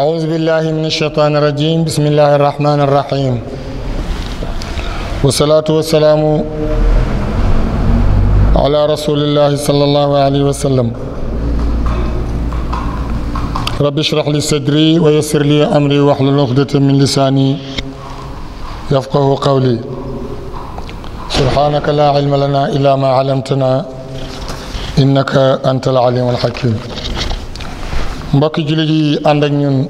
أعوذ بالله من الشيطان الرجيم بسم الله الرحمن الرحيم والصلاة والسلام على رسول الله صلى الله عليه وسلم رب اشرح لي صدري ويسر لي أمري واحلل عقدة من لساني يفقه قولي سبحانك لا علم لنا إلا ما علمتنا إنك أنت العليم الحكيم مبك جلدي عندك نيون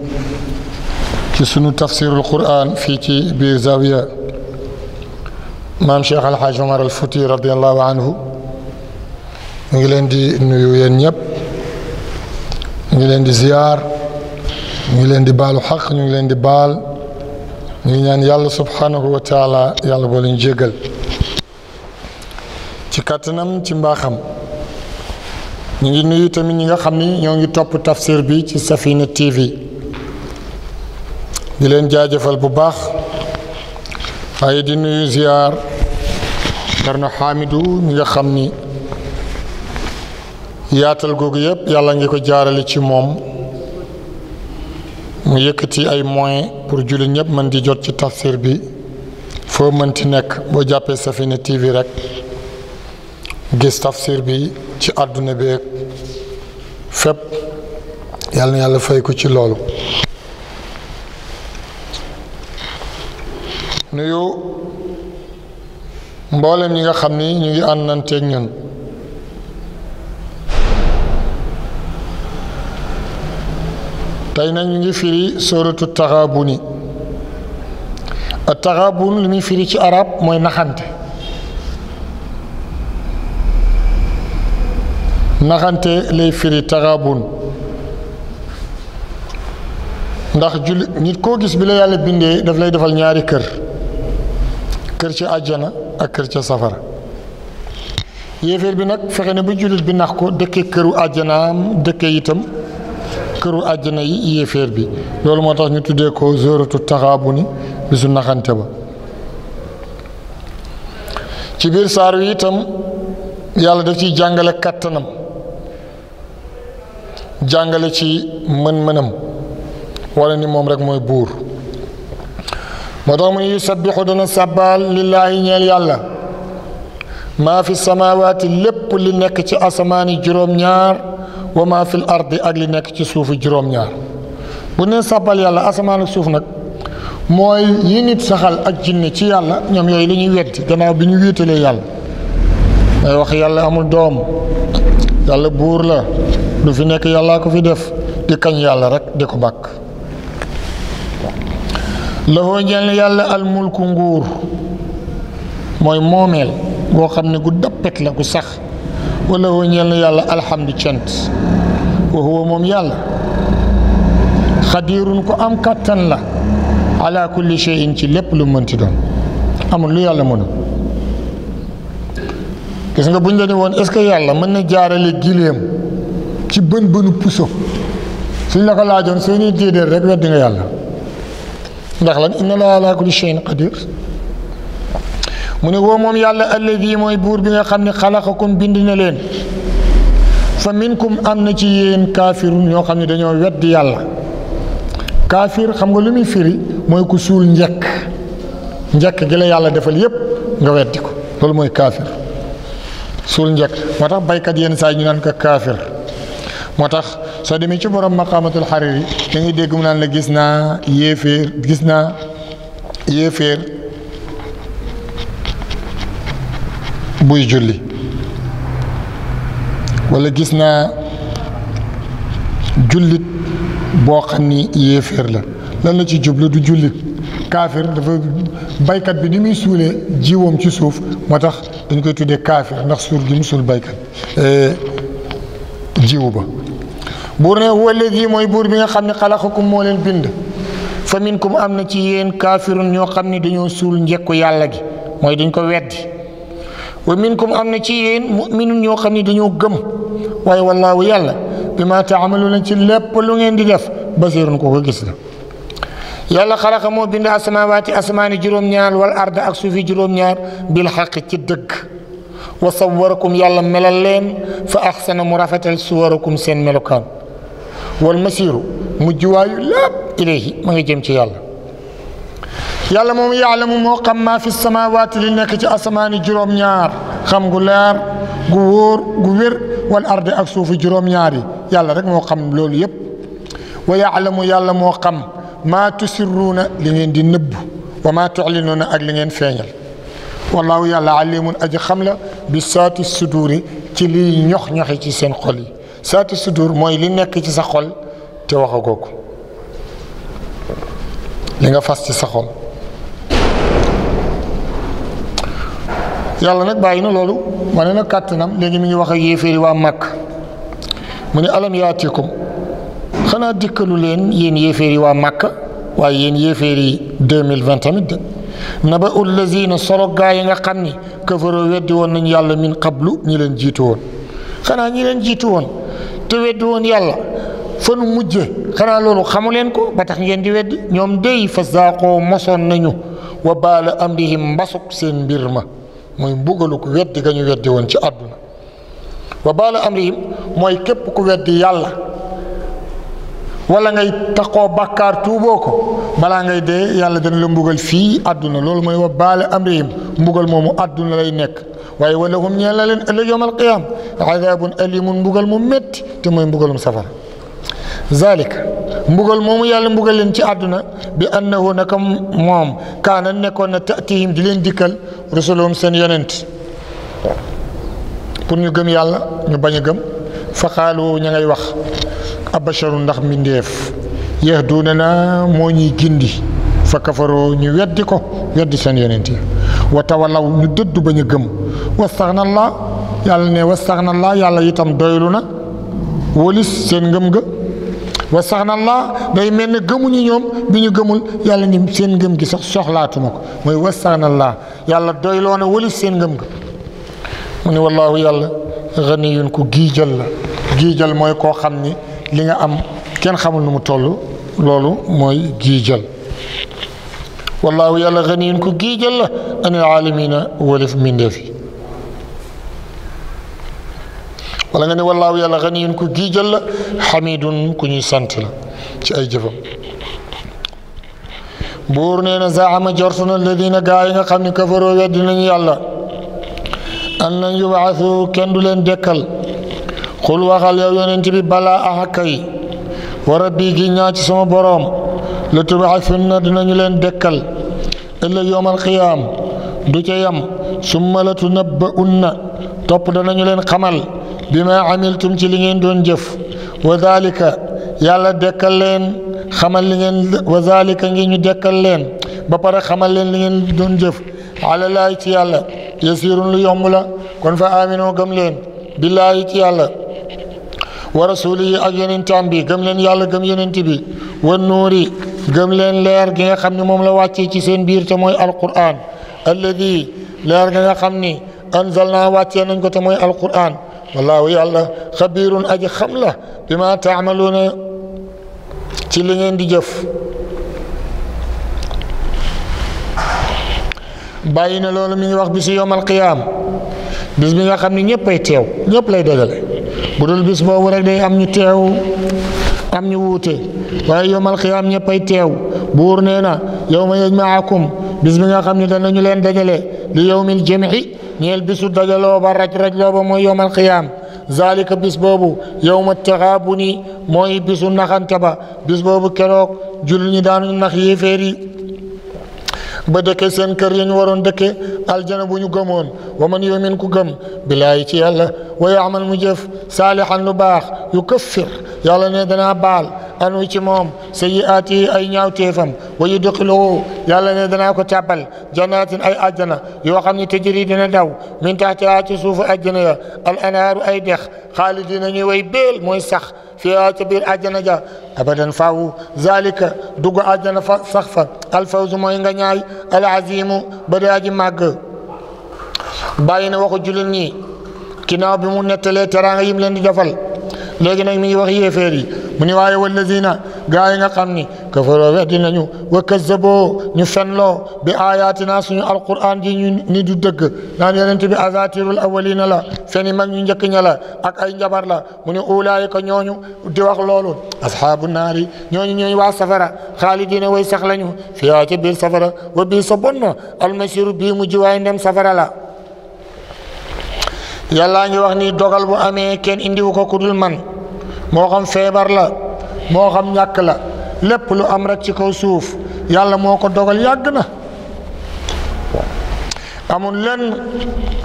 كسنو تفسير القرآن في تي بير زاوية مام شيخ الحاج عمر الفتي رضي الله عنه نجلندي نيو ينيب نجلندي زيار نجلندي بال حق نجلندي بال نجلندي يالله سبحانه وتعالى يالله بولين جيغل تي كاتنم تي مباخم ñu ngi nuyu tamit ñi nga xam ni ñoo ngi topp tafsir bi ci Safina TV di leen jaajëfal bu baax waaye di nuyu ziar Thierno Hamidou ñi nga xam ni yaatal googu yëpp yàlla ngi ko jaarale ci moom mu yëkkati ay moyen pour jullit ñëpp mën di jot ci tafsir bi foo mënti nekk boo jàppee Safina TV rek gis tafsir bi ci àdduna beeg fep yalla na yalla fay ko ci lolu nuyu mbollem ñi nga xamni ñu ngi ak ñun tay nag ñu ngi firi suratu taghabuni at-taghabun limi firi ci arab moy naxante naxante lay firi taxaabun ndax julli nit koo gis bi la yàlla bindee daf lay defal ñaari kër kër ca àjjana ak kër ca safara yéeféer bi nag fexe ne ba jullit bi nax ko dëkke këru àjjanaam dëkke itam këru àjjana yi yéeféer bi loolu moo tax ñu tuddee ko zoratu taxaabuni bisu naxante ba ci biir saar wi itam yàlla daf ciy jàngale kàttanam jàngale ci mën-mënam wala ni moom rek mooy buur moo tax mu ne yusabbixu dana sàbbaal lillaahi ñeel yàlla maa fi samaawaati lépp li nekk ci asamaani juróom-ñaar wa maa fil ardi ak li nekk ci suufu juróom-ñaar bu ne sàbbal yàlla asamaan ak suuf nag mooy yi nit saxal ak jinne ci yàlla ñoom yooyu la ñuy weddi gannaaw bi ñu wiitalee yàlla day wax yàlla amul doom yàlla buur la lu fi nekk yàllaa ko fi def di kañ yàlla rek di ko bàkk lahoo ñeel yàlla almulku nguur mooy moomeel boo xam ne gu dappet la gu sax wala woo ñeel yàlla alhamdu cant wa huwa moom yàlla xadiirun ko am kàttan la ala kulli shay'in ci lépp lu mënti doon amul lu yàlla mënul gis nga buñ la ne woon est yàlla mën na jaarale gileem ci bën bënu puso suñ la laajoon soo ñuy déedéet rek weddi nga yàlla ndax lan inna laa alaa kulli shay'in qadir mu ne woo moom yàlla alladi mooy buur bi nga xam ne xalaqakum bind na leen fa minkum am na ci yéen kaafirun ñoo xam ne dañoo weddi yàlla kaafir xam nga lu muy firi mooy ku suul njekk njekk gi la yàlla defal yépp nga weddi ko loolu mooy kaafir suul njekk moo tax baykat yenn saa ñu naan ko kaafir motax so soo ci borom maqamatul hariri da ngay dégg mu naan la gisna yefer gisna yefer buy julli wala gisna julit bo boo yefer la lan la ci jublu du jullit kaafir dafa baykat bi ni muy soule jiwoom ci souf motax dañ koy tuddé kafir ndax sour gi mu baykat euh jiw ba buur ne huwa alladi mooy buur bi nga xam ne xalaxakum moo leen bind fa minkum am na ci yéen kaafirun ñoo xam ne dañoo suul njekku yàlla gi mooy dañ ko weddi wa minkum am na ci yéen muminun ñoo xam ne dañoo gëm waaye wallaahu yàlla bi ma taamalu na ci lépp lu ngeen di def basirun ko ko gis la yàlla xalaxa moo bind asamawaati asamaani juróom-ñaar wal arda ak suufi juróom-ñaar bil xaqi ci dëgg وصوركم يالا ملالين فأحسن مرافت صوركم سين ملوكان والمسير مجواي لا إليه ما جيم تي يالا يالا مو يعلم مو قم ما في السماوات لنك تي أسمان جروم نيار خم غلار غور غوير والأرض أكسو في جروم ياري يالا رك مو قم لول يب ويعلم يالا مو قم ما تسرون لنين دي نب وما تعلنون أجلين فينيال والله يلا عليم أجي خملة بسات السدور تلي نخ نخ كي سن خلي سات السدور ما يلين كي تسا خل تواخ غوك لين غفاس تسا خل لولو ما نك كاتنام لين مني واخ يفيري وامك مني ألم ياتيكم خنا دكلو لين ين يفيري وامك وين يفيري 2020 naba ullazina solo gaa yi nga xam ni kafaroo weddi woon nañ yàlla min qablu ñi leen jiitu woon xanaa ñi leen jiitu woon te weddi woon yàlla fanu mujje xanaa loolu xamu leen ko ba tax ngeen di weddi ñoom dey fa saaqoo mosoon nañu wa baala amrihim mbasu seen mbir ma mooy mbugalu ko weddi ga ñu weddi woon ci àdduna wa baala amrihim mooy képp ku weddi yàlla wala ngay taxo bàkkaar tuuboo ko balaa ngay de yàlla dana la mbugal fi aduna lolou moy wa bal amrim mbugal momu aduna lay nekk waaye walahum ñeel na leen ëllëg al qiyam azab alim mbugal mu métti te mooy mbugalum safara zalik mbugal moomu yàlla mbugal leen ci àdduna bi annahu naka moom kaana nekkoon na tatihim di leen dikkal rusuluhum seen yonent pour ñu gëm yàlla ñu bañ a gëm faqaalu ña ngay wax abasharu ndax mbindeef yahdunana moo ñuy gindi fa kafaroo ñu weddi ko weddi seen yonent yi wa tawalaw ñu dëdd ba ñu gëm wastaxna allah yàlla ne wastaxna allah yàlla itam doylu na wólis seen ngëm ga wastaxna allah day mel ne gëmuñu ñoom bi ñu gëmul yàlla ni seen ngëm gi sax soxlaatuma ko mooy wastaxna allah yàlla doyloo na wólis seen ngëm ga mu ne wallaahu yàlla ganiyun ku giijal la giijal mooy koo xam ni li nga am kenn xamul nu mu tollu loolu mooy giijal wallahu yàlla ganiyun ku giijal la anil alamina walif mbindeef yi wala nga ne wallahu yàlla ganiyun ku giijal la xamidun ku ñuy sant la ci ay jëfam buur nee na zaama jortu ladina alladina gaa yi nga xam ne kafaroo weddi nañu yàlla an lan yubaasu kenn du leen dekkal xul waxal yow bi balaa axakka yi wa rabbi gi ñaa ci sama boroom la tubaxasunna dinañu leen dekkal ëllëg yowmal qiyaam du ca yam summa la tunabba'unna topp danañu leen xamal bi ma ci li ngeen doon jëf wa dalika yàlla dekkal leen xamal li wa dalika ngi ñu dekkal leen ba pare xamal leen li ngeen doon jëf ala laay ci yàlla yasirun lu yomb kon fa aminoo gëm leen billaahi ci yàlla wa rasulihi ak yenentaan bi gëm leen yàlla gëm yeneen bi wa nuuri gëm leen leer gi nga xam ne moom la wàccee ci seen biir te mooy alquran alladi leer gi xam ni anzalnaa wàccee nañ ko te mooy alquran wallaahu yàlla xabirun aji xam la bi ma taamaluuna ci li ngeen di jëf bàyyi na loolu mi ngi wax bisu yoom qiyaam bis bi nga xam ni ñëppay teew ñëpp lay dajale budul bis bobu rek day am ñu tew am ñu wuute waaye yowmal xiyaam ñëppay teew buur nee na yowma yajmaakum bis bi nga xamni dañ lañu leen dajale li yowmil jami ñeel bisu dajalo ba raj raj lo ba moy yowmal xiyaam zalika bis bobu yowma taghabuni moy bisu naxante ba bis bobu kérok julli ñi daanu nax yéféri بدك سن كرين ورون دك الجنة بنيو قمون ومن يؤمن قم بلاي تي الله ويعمل مجف صالحا نباخ يكفر يالا ندنا بال انو تي موم سيئاته اي نياو تيفم ويدخلو يالا ندنا كو تابل جنات اي اجنا يو خامني تجري دنا داو من تحت اتي سوف اجنا الانهار اي دخ خالدين ني وي بيل موي سخ في اتبير اجنا جا ابدا فاو ذلك دوغ اجنا سخف الفوز موي غنياي العظيم برياجي ماغ باين واخو جولين ني كيناو بي مو نتلي تران يم لين دي جفال لغي نك مي وخ يفيري mu ni waaye wallazina gaa yi ni kafaroo weddi nañu wa kazzaboo ñu fenloo bi ayatina suñu alquran ji ñu ni du dëgg naan yonent bi azatirul awalina la feni mag ñu njëkk ña la ak ay njabar la mu ni ulaayika ñooñu di wax loolu ashaabu naari ñooñu ñooy waa safara xaalidina way sax lañu fiyaa ci biir safara wa bii sa bon na bii mu jiwaay ndem safara la yàllaa ngi wax ni dogal bu amee kenn indiwu ko ku dul man moo xam feebar la moo xam ñàkk la lépp lu am rek ci kaw suuf yàlla moo ko dogal yàgg na amul lenn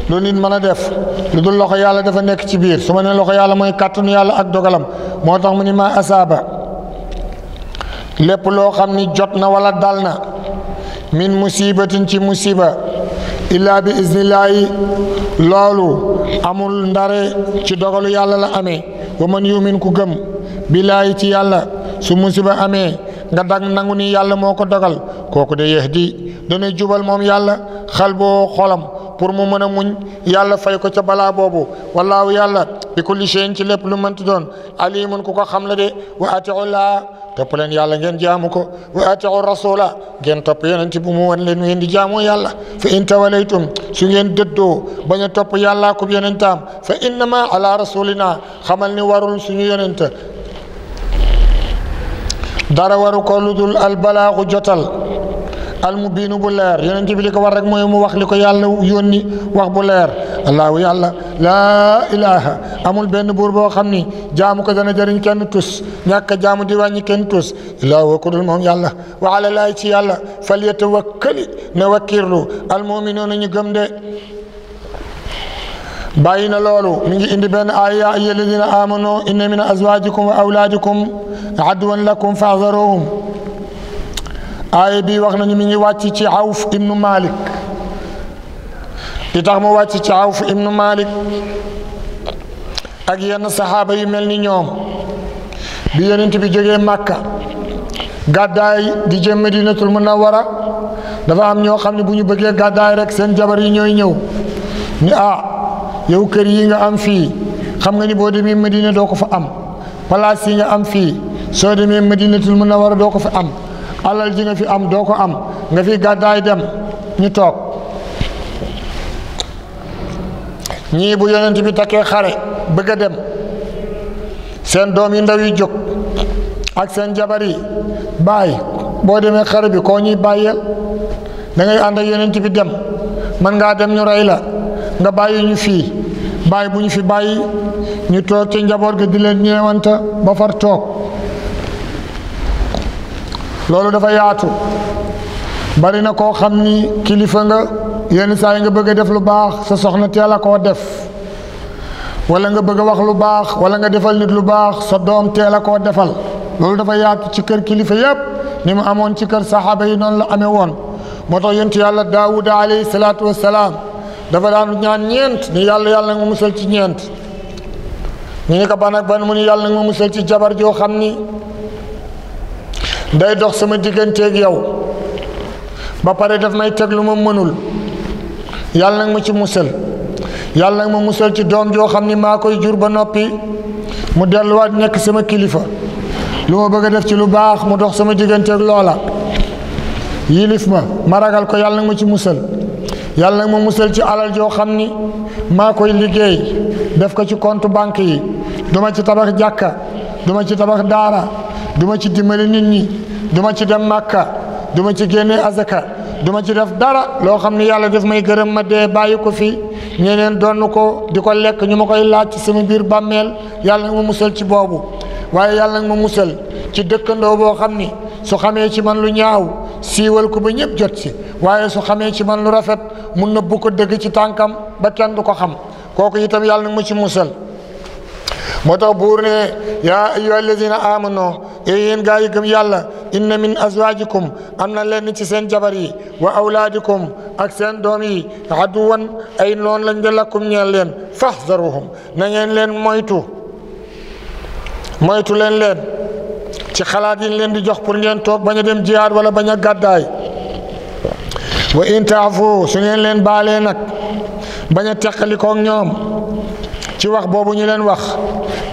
lu nit mën a def lu dul loxo yàlla dafa nekk ci biir su ma nee loxo yàlla mooy kàttanu yàlla ak dogalam moo tax mu ni ma asaaba lépp loo xam ni jot na wala dal na min musibatin ci musiba illaa bi iznillaahi loolu amul ndare ci dogalu yàlla la amee wa man yumin ku gëm billaahi ci yalla su musiba amé nga dag nanguni yehdi, moko dogal koku de yahdi dana jubal mom yalla xalbo xolam pour mu mën a muñ yàlla fay ko ca balaa boobu wallaahu yàlla bi kulli shay'in ci lépp lu mënti doon alimun ku ko xam la de wa atiullaa topp leen yàlla ngeen jaamu ko wa atiu rasula ngeen topp yonent bu mu wan leen ngeen di jaamu yàlla fa in tawalaytum su ngeen dëddoo bañ a topp yàllaa ko yonentaam fa innama ala rasulina xamal ni warul suñu yonent dara waru ko ludul albalaaxu jotal almubiinu bu leer yonent bi li ko war rek mooy mu wax li ko yàlla yónni wax bu leer allaahu yàlla laa ilaaha amul benn buur boo xam ni jaamu ko dana jëriñ kenn tus ñàkk a jaamu di wàññi kenn tus illaa wa ku dul moom yàlla wa ala laay ci yàlla fal yatawakkali na wakkirlu almuminuuna ñu gëm de bàyyi na loolu mi ngi indi benn aaya yaa ayyuha alladina amanu inna min azwajikum wa awladikum aduwan lakum fahzaruhum aaya bi wax nañu mi ngi wàcc ci awf ibnu malik li tax mu wàcc ci awf ibnu malik ak yenn saxaaba yu mel ni ñoom bi yonent bi jógee màkka gàddaay di jëm madinatul munawwara dafa am ñoo xam ne bu ñu bëggee gàddaay rek seen jabar yi ñooy ñëw ni ah yow kër yi nga am fii xam nga ni boo demee madina doo ko fa am place yi nga am fii soo demee madinatul munawwara doo ko fa am alal ji nga fi am doo am nga fi gaday dem ñu tok ñi bu yonent bi takke xare bëgg dem sen doom yi ndaw yi jóg ak sen jabar yi bay bo demé xare bi ko ñi bàyyeel da ngay and ak yonent bi dem man nga dem ñu ray la nga ñu fi bu fi bàyyi ñu tok ci njabor ga di leen ñewanta ba far tok lolu dafa yaatu bari na ko xamni kilifa nga yenn say nga bëgg def lu baax sa soxna teel a def wala nga bëgg wax lu baax wala nga defal nit lu baax sa doom teel a defal lolu dafa yaatu ci kër kilifa yépp ni mu amon ci kër sahaba yi non la amé won moto yent yalla daoud alayhi salatu wassalam dafa daan ñaan ñent ni yalla yalla nga musal ci ñent ni ka ban ak ban mu ni yalla nga musal ci jabar jo xamni day dox sama digganteeg yow ba pare daf may teg lu ma mënul yàlla nag ma ci musal yàlla nag ma musal ci doom joo xam ni maa koy jur ba noppi mu delluwaat nekk sama kilifa lu ma bëgg a def ci lu baax mu dox sama digganteeg loola yilif ma ma ragal ko yàlla nag ma ci musal yàlla nag ma musal ci alal joo xam ni maa koy liggéey def ko ci compte banque yi duma ci tabax jàkka duma ci tabax daara duma ci dimbali nit ñi duma ci dem màkka duma ci génne azaka duma ci def dara loo xam ne yàlla def may gërëm ma dee bàyyi ko fi ñeneen doon ko di ko lekk ñu ma koy laaj ci sama biir bàmmeel yàlla nag ma musal ci boobu waaye yàlla nag ma musal ci dëkkandoo boo xam ni su xamee ci man lu ñaaw siiwal ko ba ñëpp jot ci waaye su xamee ci man lu rafet mun na bu ko dëgg ci tànkam ba kenn du ko xam kooku itam yàlla na ma ci musal moo tax buur ne yaa ayyuha allazina amanu e yéen gaa yi gëm min azwajikum am na lenn ci seen jabar yi wa awlaadikum ak seen doom yi aduwan ay noon lañ de lakkum ñeel leen fahzaruhum na ngeen leen moytu moytu leen leen ci xalaat yi leen di jox pour ngeen toog bañ a dem jihaad wala bañ a gàddaay wa in taafu su ngeen leen baalee nag bañ a teqalikoog ñoom ci wax boobu ñu leen wax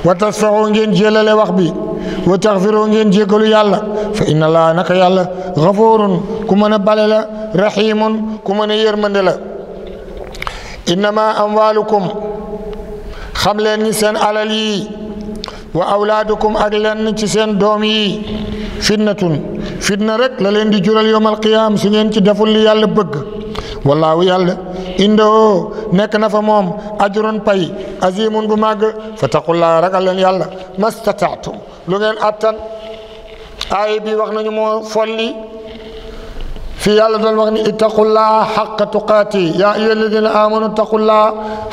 wa tasfaxoo ngeen jélale wax bi wa taxfiroo ngeen jéggalu yàlla fa inna laa naka yàlla xafoorun ku mën a bale la raxiimun ku mën a yërmande la innama amwaalukum xam leen ni seen alal yi wa awlaadukum ak lenn ci seen doom yi fitnatun fitna rek la leen di jural yowmal qiyaam su ngeen ci deful li yàlla bëgg wallaahu yàlla indoo nekk na fa moom ajurun pay azimun bu màgg fattaqullaa ragal leen yàlla mastataatum lu ngeen attan aay bi wax nañu moo folli fii yàlla doon wax ni ittaqullaa xaqa tuqaati yaa ayyuha alladina amanu ittaqullaa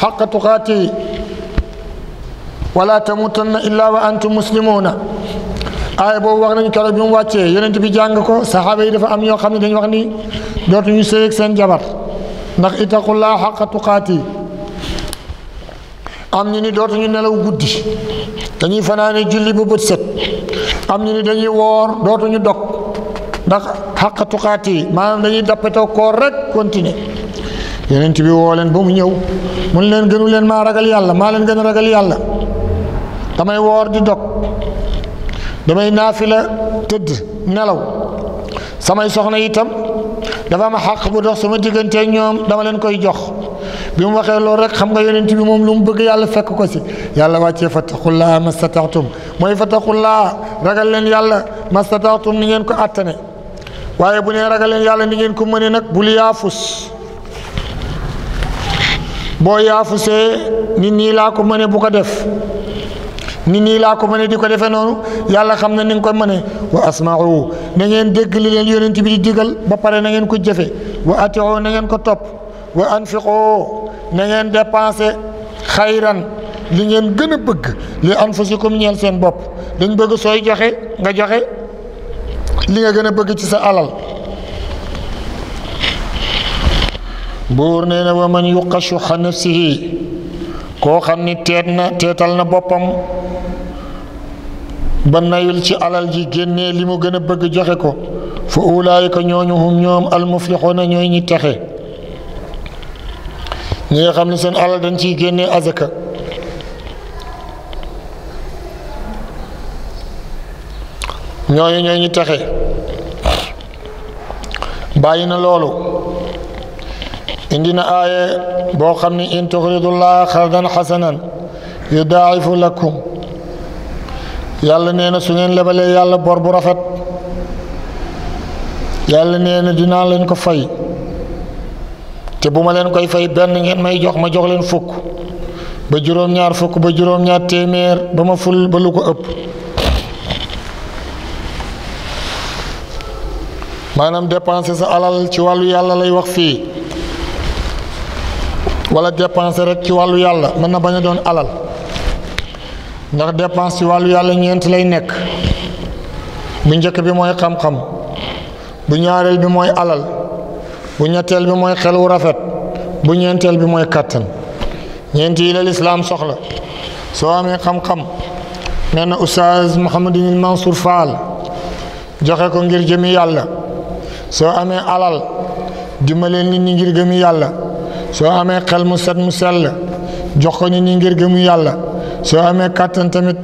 xaqa tuqaati wala tamuutanna illaa wa antum muslimuuna aaya boobu wax nañu keroog bi mu wàccee yonent bi jàng ko saxaaba yi dafa am ñoo xam ne dañu wax ni dootuñu sëyeeg seen jabar ndax ittaqullaa xaqa tuqaati am ñu ni dootuñu nelaw guddi dañuy fanaane julli ba bët set am ñu ni dañuy woor dootuñu dog ndax xàq tuqaat yi maanaam dañuy dappetoo koor rek continuer yonent bi woo leen ba mu ñëw mun leen gënu leen maa ragal yàlla maa leen gën a ragal yàlla damay woor di dog damay naafila tëdd nelaw samay soxna itam dafa am xàq bu dox ma diggante ñoom dama leen koy jox bi mu waxee loolu rek xam nga yonent bi moom lu mu bëgg yàlla fekk ko si yàlla wàccee fattaqullaa mastataatum mooy fattaqullaa ragal leen yàlla mastataatum ni ngeen ko àttane waaye bu nee ragal leen yàlla ni ngeen ko mëne nag bul yaafus boo yaafusee nit nii laa ko mëne bu ko def nit nii laa ko mëne di ko defee noonu yàlla xam na ni nga ko mëne wa asma'u na ngeen dégg li leen yonent bi di digal ba pare na ngeen ko jëfe wa ati'u na ko topp na ngeen dépensé xayran li ngeen gën a bëgg li anfusikum ñeel seen bopp dañ bëgg sooy joxe nga joxe li nga gën a bëgg ci sa alal buur nee na wa man yuqa shuxa nafsihi koo xam ni teet na teetal na boppam ba nayul ci alal ji génnee li mu gën a bëgg joxe ko fa ulaayika ñooñu hum ñoom almuflixuuna ñooy ñu texe ñi xam ne seen alal dañ ciy génnee azaka ñooñu ñoo ñu taxe bàyyi na loolu indi na boo xam ne in tuxridullaha xardan xasanan yudaa'ifu lakum yàlla nee na su ngeen lebalee yàlla bor bu rafet yàlla nee na leen ko fay te buma len koy fay ben ngeen may jox ma jox len fuk ba juróom-ñaar fuk ba juróom-ñaar témèr ba ma ful ba lu ko ëpp manam dépenser sa alal ci walu yalla lay wax fi wala dépenser rek ci walu yalla man na baña doon alal ndax dépenser ci walu yalla ñent lay nekk bu ñëk bi moy xam-xam bu bi moy alal bu ñetteel bi mooy xel wu rafet bu ñeenteel bi mooy kàttan ñeenti yi la islaam soxla soo amee xam-xam nee na oustaz Mouhamadinil Mansour Fall joxe ko ngir jëmi yàlla soo amee alal dimbalee nit ñi ngir gëmi yàlla soo amee xel mu set mu sell jox ko nit ñi ngir gëmu yàlla soo amee kàttan tamit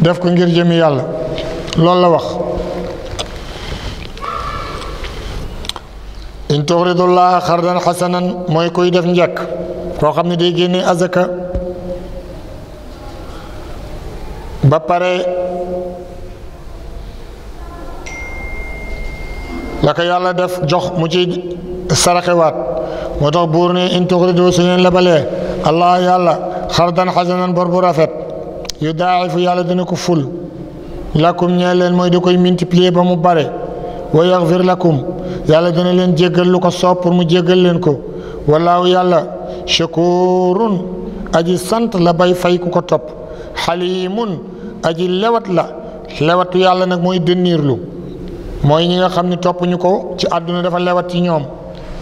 def ko ngir jëmi yàlla loolu la wax tuxridullaha xardan xasanan mooy kuy def njëkk koo xam ne day génne azaka ba pare la yàlla def jox mu ci saraxewaat moo tax buur ne in allah yàlla xardan xasanan bor bu rafet yu daaifu yàlla dina ko ful lakum ñee mooy di koy multiplier ba mu bare wa yaxfir lakum yalla dana len djegal lu ko pour mu djegal len ko wallahu yalla shakurun aji sant la bay fay ku ko halimun aji lewat la lewatu yàlla nag mooy dënniirlu moy ñi nga xamni top topp ñu ko ci aduna dafa lewat ci ñom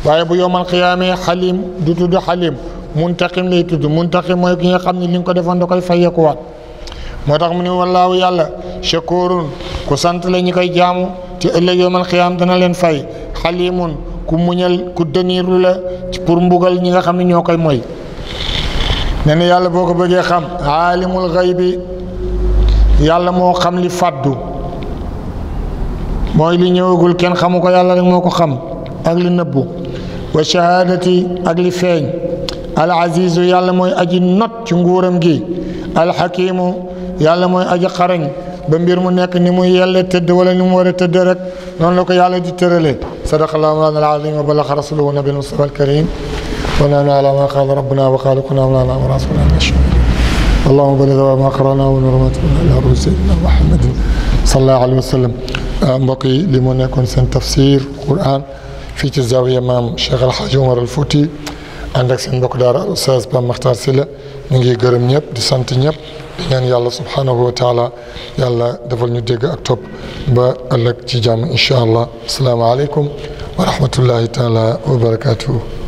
waye bu yowmal qiyamah halim du tuddu halim muntaxim lay tuddu muntakim moy ki nga xamni li nga ko defon da koy ko wat motax mu ni wallahu yalla shakurun ku sant la ñi koy jaamu ci ëllëg yowmal xiyaam dana leen fay xalimun ku muñal ku deniiru la pour mbugal ñi nga xam ne ñoo koy mooy nee yàlla boo ko bëggee xam aalimul xaybi yàlla moo xam li fàddu mooy li ñëwagul kenn xamu ko yàlla rek moo ko xam ak li nëbbu wa shahaadati ak li feeñ al azizu yàlla mooy aji not ci nguuram gi al xakimu yàlla mooy aji xarañ ba mbir mu nekk ni mu yàlla tëdd wala ni mu war tëdd rek noonu la ko yàlla di tërale صدق الله مولانا العظيم وبلغ رسوله النبي المصطفى الكريم ونحن على ما قال ربنا وخالقنا مولانا ورسولنا من اللهم بلغ ما قرانا ونور على سيدنا محمد صلى الله عليه وسلم بقي لمن يكون سن تفسير القران في تزاويه امام الشيخ الحاج عمر الفوتي عندك سن Omar الاستاذ Fouti سله ak seen mbokk daara Oustaz Pape ñaan yàlla subhanahu wa taala yàlla defal ñu dégg ak topp ba ëllëg ci jàmm incha allah asalaamaaleykum wa rahmatullahi taala wa barakaatuhu